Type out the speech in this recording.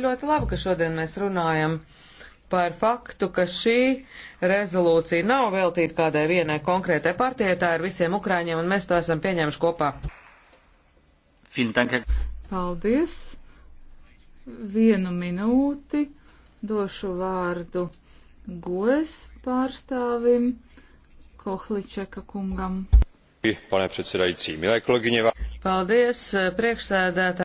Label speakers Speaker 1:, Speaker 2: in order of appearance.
Speaker 1: ļoti labi, ka šodien mēs runājam par faktu, ka šī rezolūcija nav veltīta kādai vienai konkrētai partijai, tā ir visiem ukrāņiem, un mēs to esam pieņēmuši kopā. Paldies!
Speaker 2: Vienu minūti došu vārdu gojas pārstāvim Kohličeka kungam.
Speaker 3: Pane předsedající, milé kolegyně.
Speaker 4: Paldies, priekšsēdētāji.